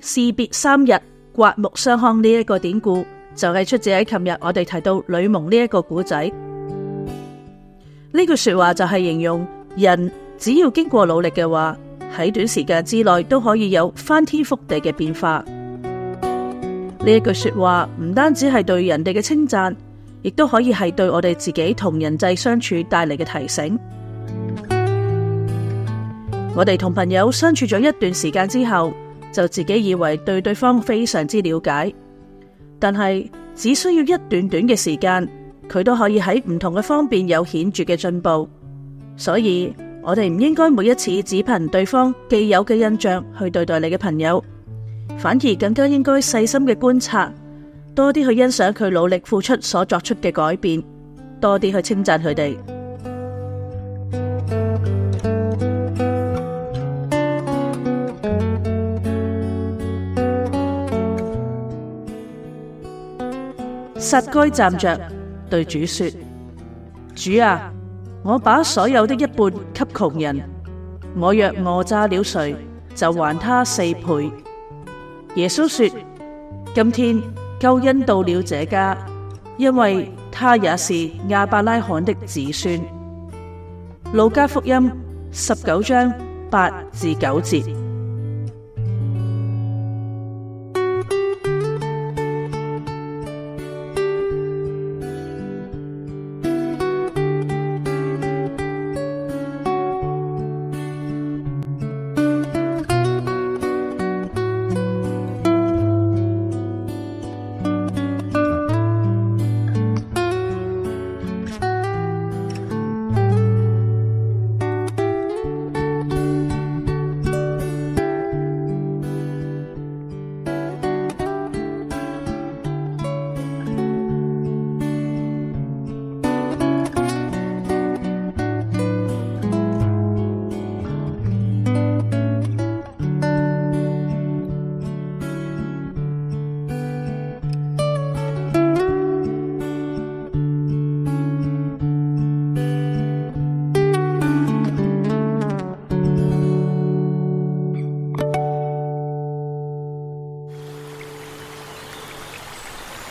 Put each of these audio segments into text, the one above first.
士別三日，刮目相看呢一個典故就係出自喺琴日我哋提到呂蒙呢一個古仔。呢句說話就係形容人只要經過努力嘅話，喺短時間之內都可以有翻天覆地嘅變化。呢一句說話唔單止係對人哋嘅稱讚，亦都可以係對我哋自己同人際相處帶嚟嘅提醒。我哋同朋友相處咗一段時間之後。就自己以為對對方非常之了解，但係只需要一段短嘅時間，佢都可以喺唔同嘅方面有顯著嘅進步。所以，我哋唔應該每一次只憑對方既有嘅印象去對待你嘅朋友，反而更加應該細心嘅觀察，多啲去欣賞佢努力付出所作出嘅改變，多啲去稱讚佢哋。撒該站着對主說：主啊，我把所有的一半給窮人，我若訛詐了誰，就還他四倍。耶穌說：今天救恩到了這家，因為他也是亞伯拉罕的子孫。路加福音十九章八至九節。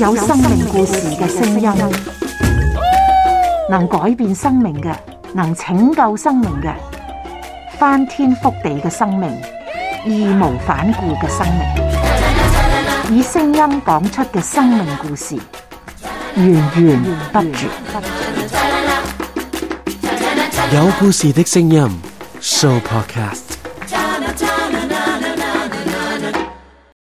有生命故事嘅聲音，能改變生命嘅，能拯救生命嘅，翻天覆地嘅生命，義無反顧嘅生命，以聲音講出嘅生命故事，源源不絕。有故事的聲音，Sooo Podcast。